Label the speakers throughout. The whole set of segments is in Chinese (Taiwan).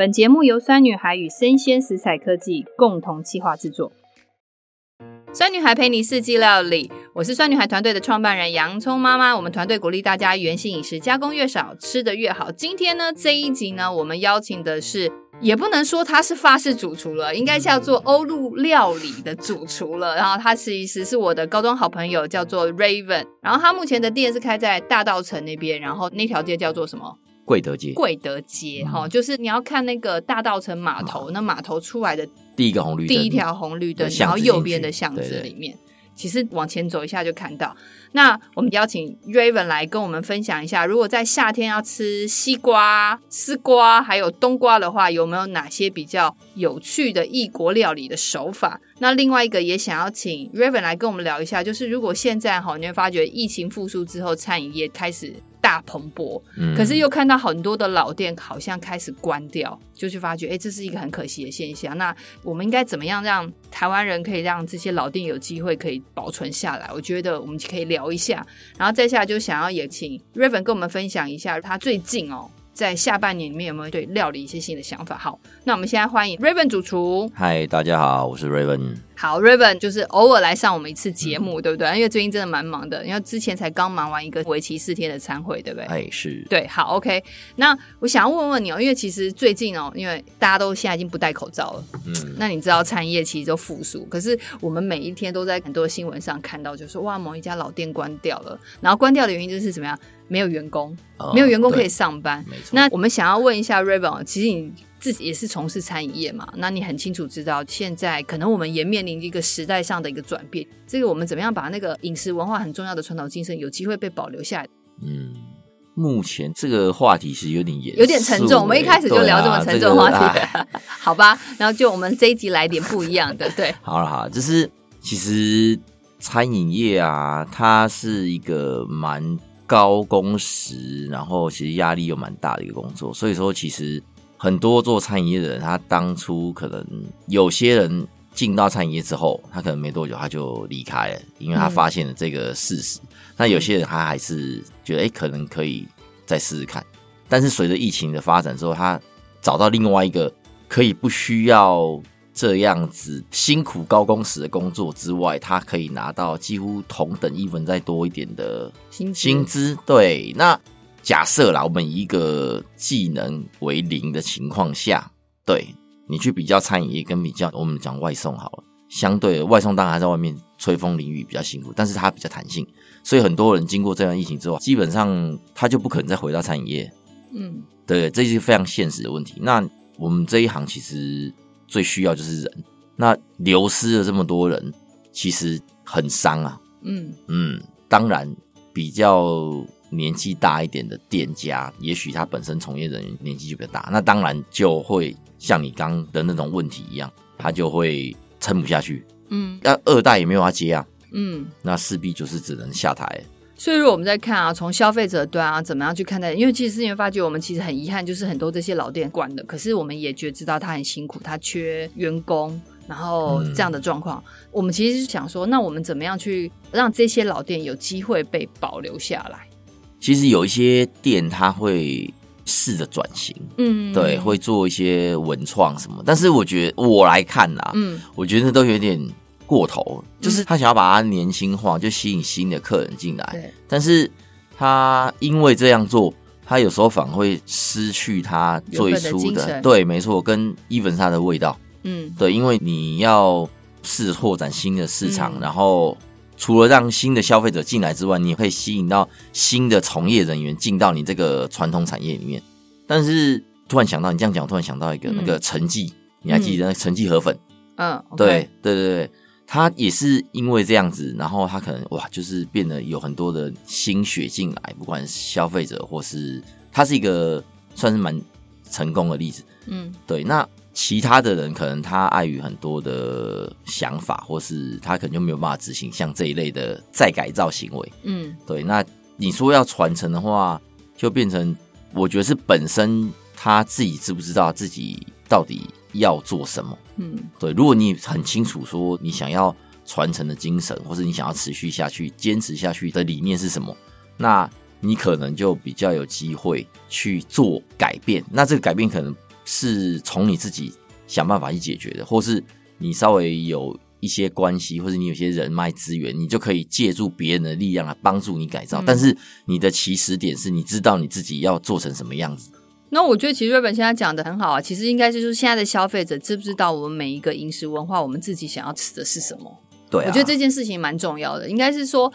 Speaker 1: 本節目由酸女孩與聲鮮時采科技共同企劃製作。酸女孩陪你四季料理，我是酸女孩團隊的創辦人洋蔥媽媽。我們團隊鼓勵大家原型飲食，加工越少，吃得越好。今天呢，這一集呢，我們邀請的是，也不能說他是法式主廚了，應該叫做歐陸料理的主廚了。然後他其實是我的高中好朋友，叫做 Raven。然後他目前的店是開在大稻埕那邊，然後那條街叫做什麼？
Speaker 2: 貴德街，貴
Speaker 1: 德街哈、嗯哦，就是你要看那個大稻埕碼頭，嗯、那碼頭出來的
Speaker 2: 第一個紅綠燈，第一條
Speaker 1: 紅綠燈，然後右邊的巷子裡面，對對對，其實往前走一下就看到。那我們邀請 Raven 來跟我們分享一下，如果在夏天要吃西瓜、絲瓜還有冬瓜的話，有沒有哪些比較有趣的異國料理的手法？那另外一個也想要請 Raven 來跟我們聊一下，就是如果現在哈、哦，你會發覺疫情復甦之後，餐飲業開始。大蓬勃，可是又看到很多的老店好像開始關掉，就去發覺，哎、欸，這是一個很可惜的現象。那我們應該怎麼樣讓台灣人可以讓這些老店有機會可以保存下來？我覺得我們可以聊一下。然後再下來就想要也請 Raven 跟我們分享一下，他最近哦在下半年裡面有沒有對料理一些新的想法？好，那我們現在歡迎 Raven 主廚。
Speaker 2: 嗨，大家好，我是 Raven。
Speaker 1: 好 Raven 就是偶爾來上我們一次節目、嗯，對不對？因為最近真的蠻忙的，因為之前才剛忙完一個為期四天的餐會，對不對？哎，是對。好，OK。那我想要問問你哦，因為其實最近哦，因為大家都現在已經不戴口罩了，嗯，那你知道餐業其實都復甦，可是我們每一天都在很多新聞上看到就說，就是哇，某一家老店關掉了，然後關掉的原因就是怎麼樣？沒有員工，哦、沒有員工可以上班。那我們想要問一下 Raven、哦、其實你。自己也是從事餐飲業嘛，那你很清楚知道，現在可能我們也面臨一個時代上的一個轉變。這個我們怎麼樣把那個飲食文化很重要的傳統精神有機會被保留下來？
Speaker 2: 嗯，目前這個話題是有點嚴，有點沉重、欸。我們一開始就聊這麼沉重的話題，啊這個、
Speaker 1: 好吧？然後就我們這一集來一點不一樣的， 對。
Speaker 2: 好了好，就是其實餐飲業啊，它是一個蠻高工時，然後其實壓力又蠻大的一個工作，所以說其實。很多做餐飲業的人，他當初可能有些人進到餐飲業之後，他可能沒多久他就離開了，因為他發現了這個事實。嗯、那有些人他還是覺得，哎、欸，可能可以再試試看。但是隨着疫情的發展之後，他找到另外一個可以不需要這樣子辛苦高工時的工作之外，他可以拿到幾乎同等一份再多一點的薪資。對，那。假設啦，我們以一個技能為零的情況下，對你去比較餐飲業跟比較，我們講外送好了。相對的，外送當然還在外面吹風淋雨比較辛苦，但是它比較彈性，所以很多人經過這樣疫情之後，基本上他就不可能再回到餐飲業。嗯，對，這是非常現實的問題。那我們這一行其實最需要就是人，那流失了這麼多人，其實很傷啊。嗯嗯，當然比較。年紀大一點的店家，也許他本身從業人員年紀就比較大，那當然就會像你剛的那種問題一樣，他就會撐不下去。嗯，那二代也沒有他接啊。嗯，那勢必就是只能下台。
Speaker 1: 所以說，我們在看啊，從消費者端啊，怎麼樣去看待？因為其實你會發覺，我們其實很遺憾，就是很多這些老店關的，可是，我們也覺得知道他很辛苦，他缺員工，然後這樣的狀況，嗯，我們其實是想說，那我們怎麼樣去讓這些老店有機會被保留下來？
Speaker 2: 其實有一些店，他會試着轉型，嗯，
Speaker 1: 嗯，嗯，對，會
Speaker 2: 做一些文創什麼。但是我覺得，我來看啦、啊，嗯，我覺得都有點過頭，嗯、就是他想要把它年輕化，就吸引新的客人進來。但是他因為這樣做，他有時候反而會失去他最初的，的對，沒錯，跟伊文莎的味道，嗯，對，因為你要試拓展新的市場，嗯、然後。除了讓新的消費者進來之外，你也可以吸引到新的從業人員進到你這個傳統產業裡面。但是突然想到，你這樣講，突然想到一個、嗯、那個陳記，你還記得？陳記河粉，嗯、uh,
Speaker 1: okay. 對，
Speaker 2: 對對對對，他也是因為這樣子，然後他可能哇，就是變得有很多的新血進來，不管消費者或是，他是一個算是蠻成功的例子。嗯，對，那。其他的人可能他礙於很多的想法，或是他可能就沒有辦法執行像這一類的再改造行為。嗯，對。那你說要傳承的話，就變成我覺得是本身他自己知不知道自己到底要做什麼？嗯，對。如果你很清楚說你想要傳承的精神，或是你想要持續下去、堅持下去的理念是什麼，那你可能就比較有機會去做改變。那這個改變可能是從你自己想辦法去解決的，或是你稍微有一些關係，或者你有些人脈資源，你就可以借助別人的力量來幫助你改造，嗯。但是你的起始點是你知道你自己要做成什麼樣子。
Speaker 1: 那我覺得其實 Raven 現在講得很好啊，其實應該就是現在的消費者知不知道我們每一個飲食文化，我們自己想要吃的是什麼？對啊，我覺得這件事情蠻重要的。應該是說，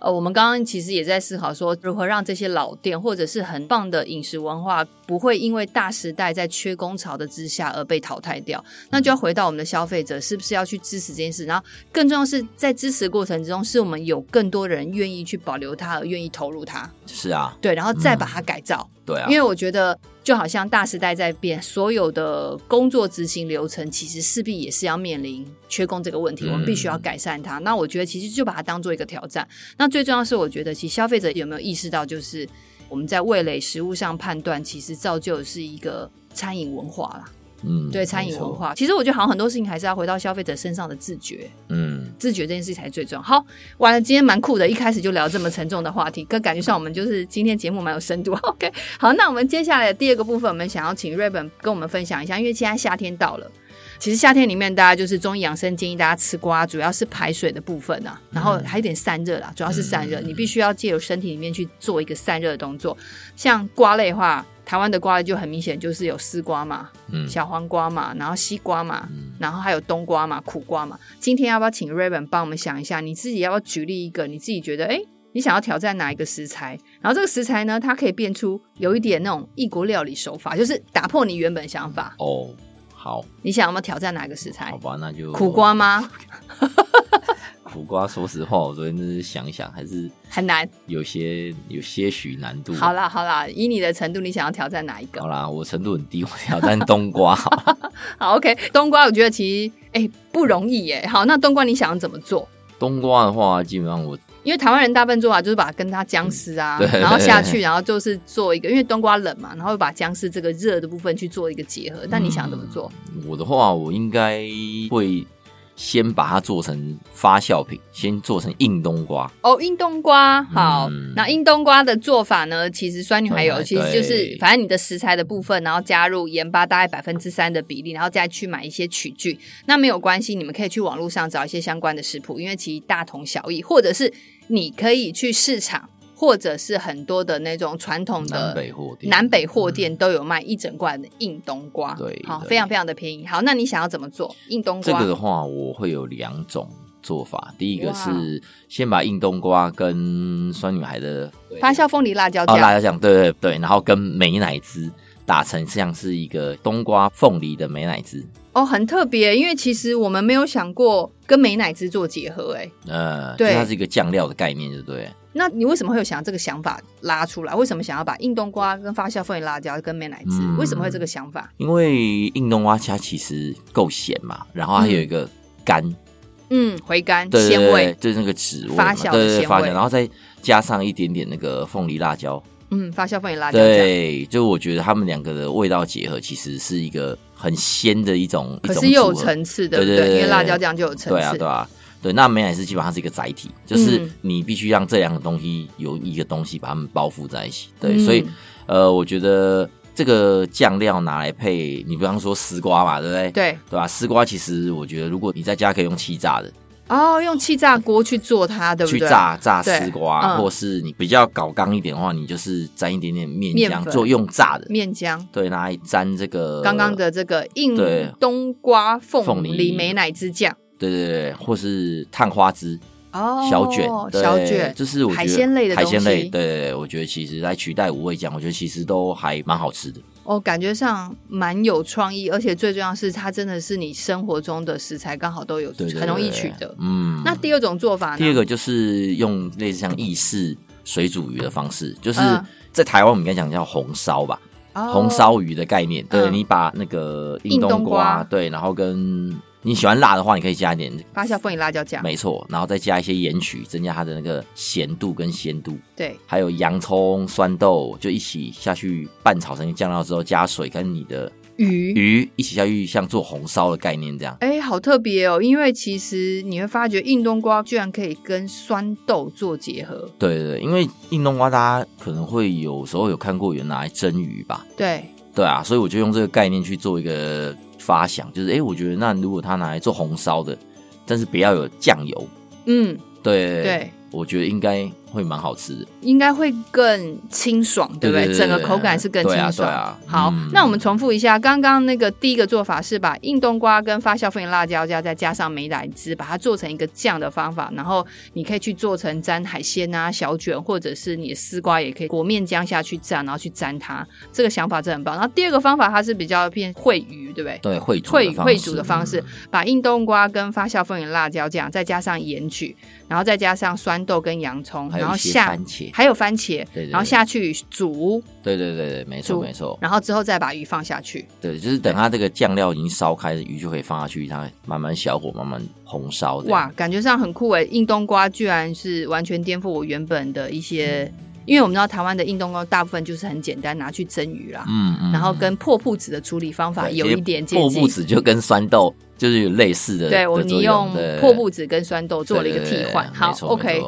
Speaker 1: 呃，我們剛剛其實也在思考說，如何讓這些老店或者是很棒的飲食文化。不會因為大時代在缺工潮的之下而被淘汰掉，那就要回到我們的消費者是不是要去支持這件事？然後更重要的是在支持過程之中，是我們有更多人願意去保留它，而願意投入它。是啊，對，然後再把它改造。對啊，因為我覺得就好像大時代在變，所有的工作執行流程其實勢必也是要面臨缺工這個問題，我們必須要改善它。那我覺得其實就把它當做一個挑戰。那最重要的是，我覺得其實消費者有沒有意識到就是。我們在味蕾食物上判斷，其實造就的是一個餐飲文化啦。嗯，對，餐飲文化。其實我覺得好像很多事情還是要回到消費者身上的自覺。
Speaker 2: 嗯，
Speaker 1: 自覺這件事情才是最重要。好，完了，今天蠻酷的，一開始就聊這麼沉重的話題，可感覺上我們就是今天節目蠻有深度。 OK，好，那我們接下來的第二個部分，我們想要請 Raven 跟我們分享一下，因為現在夏天到了。其實夏天裡面，大家就是中醫養生建議大家吃瓜，主要是排水的部分啊，然後還有點散熱啦、嗯，主要是散熱、嗯。你必須要借由身體裡面去做一個散熱的動作。像瓜類的話，台灣的瓜類就很明顯就是有絲瓜嘛，嗯，小黃瓜嘛，然後西瓜嘛、嗯，然後還有冬瓜嘛，苦瓜嘛。今天要不要請 Raven 幫我們想一下，你自己要不要舉例一個，你自己覺得哎、欸，你想要挑戰哪一個食材？然後這個食材呢，它可以變出有一點那種異國料理手法，就是打破你原本想法哦。好，你想要麼挑戰哪個食材？好吧，那就苦瓜嗎？
Speaker 2: 苦瓜，說實話，我昨天就是想想，還是很難，有些有些許難度、啊。好啦
Speaker 1: 好啦，以你的程度，你想要挑戰哪一個？好
Speaker 2: 啦，我程度很低，我挑戰冬瓜。 好，
Speaker 1: 好，OK，冬瓜，我覺得其實哎、欸、不容易耶、欸。好，那冬瓜你想要怎麼做？
Speaker 2: 冬瓜的話，基本上我。
Speaker 1: 因為台灣人大部分做法就是把它跟它薑絲啊，對對對對，然後下去，然後就是做一個，因為冬瓜冷嘛，然後會把薑絲這個熱的部分去做一個結合。但你想怎麼做？嗯、
Speaker 2: 我的話，我應該會先把它做成發酵品，先做成硬冬瓜。
Speaker 1: 哦、oh，硬冬瓜。好、嗯，那硬冬瓜的做法呢？其實酸女孩有，其實就是反正你的食材的部分，然後加入鹽巴大概百分之三的比例，然後再去買一些麴菌，那沒有關係，你們可以去網絡上找一些相關的食譜，因為其實大同小異，或者是。你可以去市場，或者是很多的那種傳統的南北貨店，南北貨店都有賣一整罐的硬冬瓜，嗯、對，對。好，非常非常的便宜。好，那你想要怎麼做硬冬瓜？這個的
Speaker 2: 話，我會有兩種做法。第一個是先把硬冬瓜跟酸女孩的
Speaker 1: 發酵鳳梨辣椒醬，哦、辣椒醬，
Speaker 2: 對對對，對，然後跟美乃滋打成像是一個冬瓜鳳梨的美乃滋。
Speaker 1: 哦，很特別，因為其實我們沒有想過跟美乃滋做結合，哎，
Speaker 2: 呃，對，它是一個醬料的概念，對不對？
Speaker 1: 那你為什麼會有想要這個想法拉出來？為什麼想要把蔭冬瓜跟發酵鳳梨辣椒跟美乃滋、嗯？為什麼會這個想法？
Speaker 2: 因為蔭冬瓜它其實夠鹹嘛，然後它有一個甘，
Speaker 1: 嗯，回甘，對味對，對，對，對，味
Speaker 2: 就是那個植物，發酵的鮮味，的，對發酵，然後再加上一點點那個鳳梨辣椒。
Speaker 1: 嗯，發酵粉也辣椒對，
Speaker 2: 就我覺得他們兩個的味道結合，其實是一個很鮮的一種，一種可是有層次的，對對,對,對對，因為辣椒醬就有層次對，對啊，對啊。對，那美乃滋基本上是一個載體，就是你必須讓這兩個東西有一個東西把它們包覆在一起，對，嗯、所以呃，我覺得這個醬料拿來配，你比方說絲瓜嘛，對不對？對，對吧、啊？絲瓜其實我覺得，如果你在家可以用氣炸的。
Speaker 1: 哦、oh,，用氣炸鍋去做它，的，去炸炸絲瓜，嗯，或
Speaker 2: 是你比較搞剛一點的話，你就是沾一點點麵漿，麵做用炸的
Speaker 1: 麵漿，
Speaker 2: 對，拿來沾這個剛剛的
Speaker 1: 這個硬冬瓜鳳梨美乃滋醬，
Speaker 2: 對對對，或是燙花枝。Oh, 小卷，小卷，就是我海鮮類的東西海鮮類。對，對，對，我覺得其實來取代五味醬，我覺得其實都還蠻好吃的。哦、
Speaker 1: oh,，感覺上蠻有創意，而且最重要的是它真的是你生活中的食材剛好都有，很容易取得。嗯，那第二種做法呢，第
Speaker 2: 二個就是用類似像意式水煮魚的方式，就是在台灣我們應該講叫紅燒吧，oh, 紅燒魚的概念。對，uh, 你把那個硬冬，硬冬瓜，對，然後跟。你喜歡辣的話，你可以加一點
Speaker 1: 發酵鳳梨辣椒醬，沒
Speaker 2: 錯，然後再加一些鹽曲，增加它的那個鹹度跟鮮度。對，還有洋蔥、酸豆，就一起下去拌炒成一醬料之後，加水跟你的魚魚一起下去，像做紅燒的概念這樣。
Speaker 1: 哎，好特別哦！因為其實你會發覺，蔭冬瓜居然可以跟酸豆做結合。
Speaker 2: 對對，因為蔭冬瓜大家可能會有時候有看過原來蒸魚吧？對對啊，所以我就用這個概念去做一個。發想就是，哎，我覺得那如果他拿來做紅燒的，但是不要有醬油。嗯，對，對，我覺得應該。會蠻好吃
Speaker 1: 的，應該會更清爽，對不對？對對對對對，整個口感是更清爽。啊啊、好、嗯，那我們重複一下剛剛那個第一個做法，是把硬冬瓜跟發酵鳳眼辣椒醬再加上美乃滋，把它做成一個醬的方法。然後你可以去做成沾海鮮啊、小卷，或者是你的絲瓜也可以裹麵漿下去蘸，然後去沾它。這個想法真的很棒。然後第二個方法，它是比較偏燴魚，對不對？對，
Speaker 2: 燴燴燴煮的方式，的方式、嗯，
Speaker 1: 把硬冬瓜跟發酵鳳眼辣椒醬再加上鹽麴，然後再加上酸豆跟洋蔥，然後下番茄，還有番茄。對、對、對，然後下去煮，
Speaker 2: 對對對對，沒錯沒錯。然
Speaker 1: 後之後再把魚放下去，
Speaker 2: 對，就是等它這個醬料已經燒開，魚就可以放下去，它慢慢小火慢慢紅燒。哇，
Speaker 1: 感覺上很酷哎，蔭冬瓜居然是完全顛覆我原本的一些，嗯、因為我們知道台灣的蔭冬瓜大部分就是很簡單拿去蒸魚啦，嗯嗯，然後跟破布子的處理方法有一點接近。破布子就
Speaker 2: 跟酸豆就是有類似的，對，我們用、用破布
Speaker 1: 子跟酸豆做了一個替換，對對對好，OK。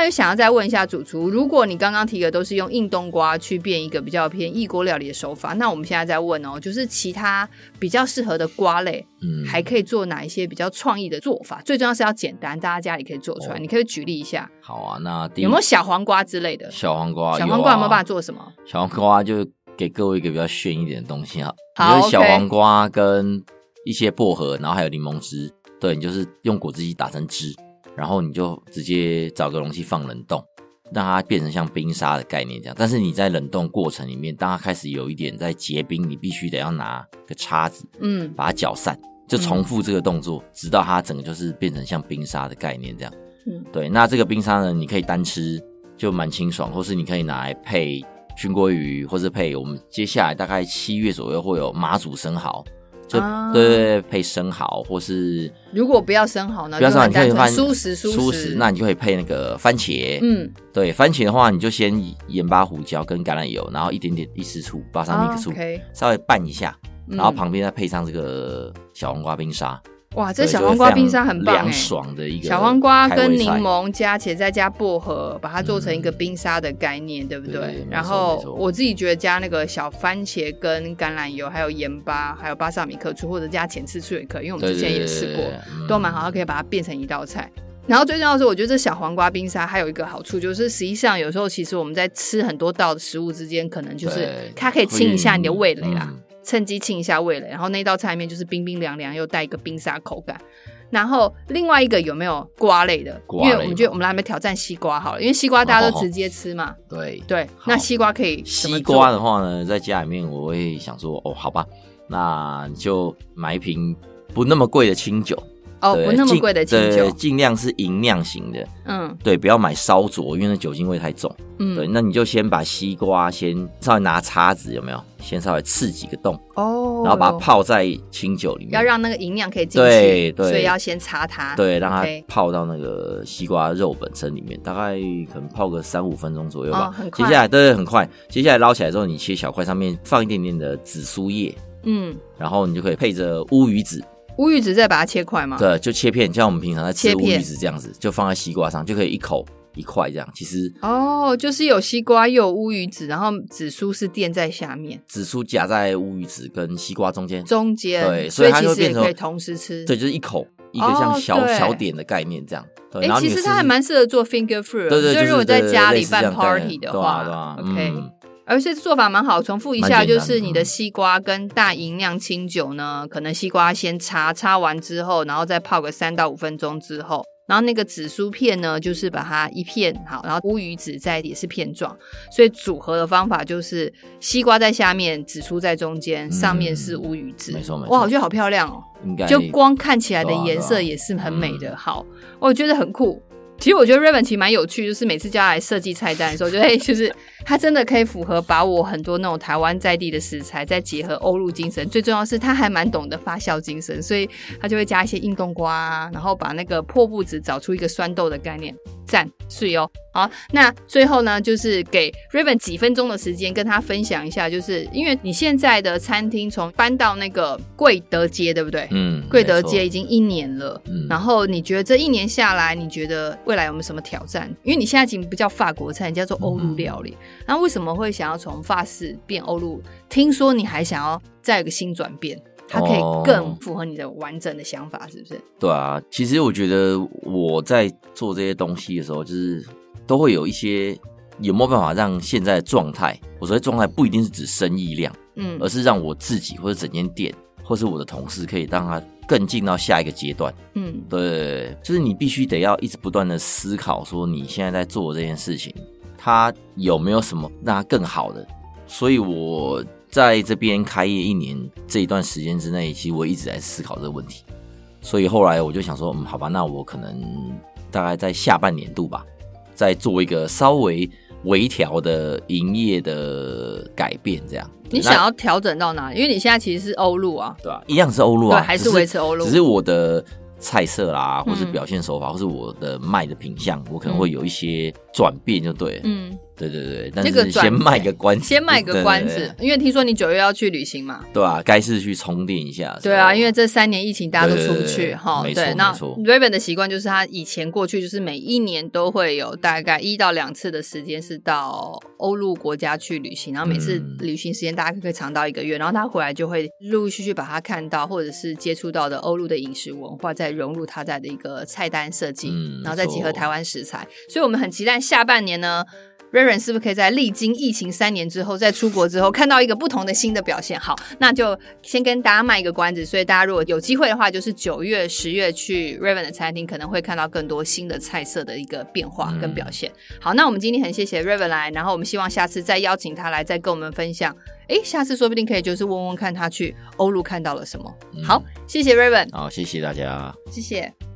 Speaker 1: 那就想要再問一下主廚，如果你剛剛提的都是用硬冬瓜去變一個比較偏異國料理的手法，那我們現在再問哦，就是其他比較適合的瓜類，嗯，還可以做哪一些比較創意的做法、嗯？最重要是要簡單，大家家裡可以做出來。哦、你可以舉例一下。好
Speaker 2: 啊，那第一，有沒有小
Speaker 1: 黃瓜之類的？
Speaker 2: 小黃瓜，小黃瓜有、啊、有沒有辦法做什麼？小黃瓜就給各位一個比較炫一點的東西啊，就是小黃瓜跟一些薄荷，然後還有檸檬汁，對，你就是用果汁機打成汁。然後你就直接找個容器放冷凍，讓它變成像冰沙的概念這樣。但是你在冷凍過程裡面，當它開始有一點在結冰，你必須得要拿個叉子，嗯，把它攪散，就重複這個動作，嗯、直到它整個就是變成像冰沙的概念這樣。嗯，對。那這個冰沙呢，你可以單吃就蠻清爽，或是你可以拿來配燻鮭魚，或是配我們接下來大概七月左右會有馬祖生蠔。就、啊、對，對，對，配生蠔，或是
Speaker 1: 如果不要生蠔呢？比如說，你可以蔬食蔬食、食，那你就
Speaker 2: 可以配那個番茄。嗯，對，番茄的話，你就先鹽巴胡椒跟橄欖油，然後一點點一絲醋，巴沙米克醋，啊 okay，稍微拌一下，然後旁邊再配上這個小黃瓜冰沙。嗯
Speaker 1: 哇，這小黃瓜冰沙很棒！欸、涼
Speaker 2: 爽的一個小黃瓜跟檸檬
Speaker 1: 加起來，再加薄荷，把它做成一個冰沙的概念，嗯、對不對，對，對，沒錯沒錯。然後我自己覺得加那個小番茄跟橄欖油，還有鹽巴，還有巴薩米克醋或者加甜醋也可以，因為我們之前也試過，對對對對對都蠻好，可以把它變成一道菜。嗯、然後最重要的是，我覺得這小黃瓜冰沙還有一個好處，就是實際上有時候其實我們在吃很多道的食物之間，可能就是它可以清一下你的味蕾啦。嗯趁機清一下味蕾，然後那道菜裡面，就是冰冰涼涼，又帶一個冰沙口感。然後另外一個有沒有瓜類的瓜？因為我們覺得我們來沒挑戰西瓜好了，好了，因為西瓜大家都直接吃嘛。哦哦對對，那西瓜可以怎麼做？西
Speaker 2: 瓜的話呢，在家裡面我會想說，哦，好吧，那就買一瓶不那麼貴的清酒。哦、oh,，不那麼貴的清酒，盡量是吟釀型的，嗯，對，不要買燒酎，因為那酒精味太重。嗯，對，那你就先把西瓜先稍微拿叉子，有沒有？先稍微刺幾個洞，哦、
Speaker 1: oh,，然後把它泡
Speaker 2: 在清酒裡面，
Speaker 1: 要讓那個營養可以進去，對，對，所以要先擦它，對、okay，讓它
Speaker 2: 泡到那個西瓜肉本身裡面，大概可能泡個三五分鐘左右吧，oh, 接下來都是很快，接下來撈起來之後，你切小塊，上面放一點點的紫蘇葉，
Speaker 1: 嗯，
Speaker 2: 然後你就可以配着烏魚子。
Speaker 1: 烏魚子再把它切塊嗎？對，
Speaker 2: 就切片，像我們平常在切烏魚子這樣子，就放在西瓜上，就可以一口一塊這樣。其實
Speaker 1: 哦，就是有西瓜，又有烏魚子，然後紫蘇是墊在下面，
Speaker 2: 紫蘇夾在烏魚子跟西瓜中間。中間，對，所以它就變成，所以其實也可以同時吃。對，就是一口、哦、一個像小小點的概念這樣。欸、其實它還
Speaker 1: 蠻適合做 finger food，r 所以、就是、對對對，如果在家裡辦 party, party 的話，對，
Speaker 2: 對啊，對啊，okay. 嗯。
Speaker 1: 而、啊、且做法蠻好，重複一下，就是你的西瓜跟大吟釀清酒呢、嗯，可能西瓜先擦，擦完之後，然後再泡個三到五分鐘之後，然後那個紫蘇片呢，就是把它一片好，然後烏魚子在也是片狀，所以組合的方法就是西瓜在下面，紫蘇在中間、嗯，上面是烏魚子、嗯、沒錯、沒錯。哇，我覺得好漂亮哦，就光看起來的顏色也是很美的、嗯嗯。好，我覺得很酷。其實我覺得 Raven 其實蠻有趣，就是每次叫他來設計菜單的時候，就會，就是他真的可以符合把我很多那種台灣在地的食材，再結合歐陸精神。最重要的是他還蠻懂得發酵精神，所以他就會加一些蔭冬瓜，然後把那個破布子找出一個酸豆的概念。讚是哦，好，那最後呢，就是給 Raven 幾分鐘的時間跟他分享一下，就是因為你現在的餐廳從搬到那個貴德街，對不對？嗯，貴德街已經一年了，嗯，然後你覺得這一年下來，你覺得未來有沒有什麼挑戰？因為你現在已經不叫法國菜，你叫做歐陸料理嗯嗯，那為什麼會想要從法式變歐陸？聽說你還想要再有個新轉變。
Speaker 2: 它可以更
Speaker 1: 符合你的完整的想法，是不是？哦，
Speaker 2: 對啊，其實我覺得我在做這些東西的時候，就是都會有一些有沒有辦法讓現在的狀態，我所謂狀態不一定是指生意量，嗯，而是讓我自己或者整間店或是我的同事可以讓它更進到下一個階段，嗯，對，就是你必須得要一直不斷的思考，說你現在在做這件事情，它有沒有什麼讓它更好的？所以我。在這邊開業一年這一段時間之內，其實我一直在思考這個問題，所以後來我就想說，嗯，好吧，那我可能大概在下半年度吧，再做一個稍微微調的營業的改變，這樣。你想要
Speaker 1: 調整到哪？因為你現在其實是歐陸啊，對啊，
Speaker 2: 一樣是歐陸啊，啊，還是維持歐陸，只是我的菜色啦，或是表現手法，嗯、或是我的賣的品項，我可能會有一些轉變，就對了，嗯。對對對，但是先賣個關子，那個、先賣個關子，關子對對對
Speaker 1: 對，因為聽說你九月要去旅行嘛，
Speaker 2: 對啊，該是去充電一下，對
Speaker 1: 啊，因為這三年疫情，大家都出不去哈、哦，沒，對沒。那 Raven 的習慣就是他以前過去就是每一年都會有大概一到兩次的時間是到歐陸國家去旅行，然後每次旅行時間大概可以長到一個月，嗯，然後他回來就會陸陸續續把他看到或者是接觸到的歐陸的飲食文化再融入他在的一個菜單設計，嗯、然後再結合台灣食材，所以我們很期待下半年呢。Raven 是不是可以在歷經疫情三年之後，在出國之後看到一個不同的新的表現？好，那就先跟大家賣一個關子。所以大家如果有機會的話，就是九月、十月去 Raven 的餐廳，可能會看到更多新的菜色的一個變化跟表現、嗯。好，那我們今天很謝謝 Raven 來，然後我們希望下次再邀請他來，再跟我們分享。哎、欸，下次說不定可以就是問問看他去歐陸看到了什麼、嗯。好，謝謝 Raven。
Speaker 2: 好，謝謝大家。
Speaker 1: 謝謝。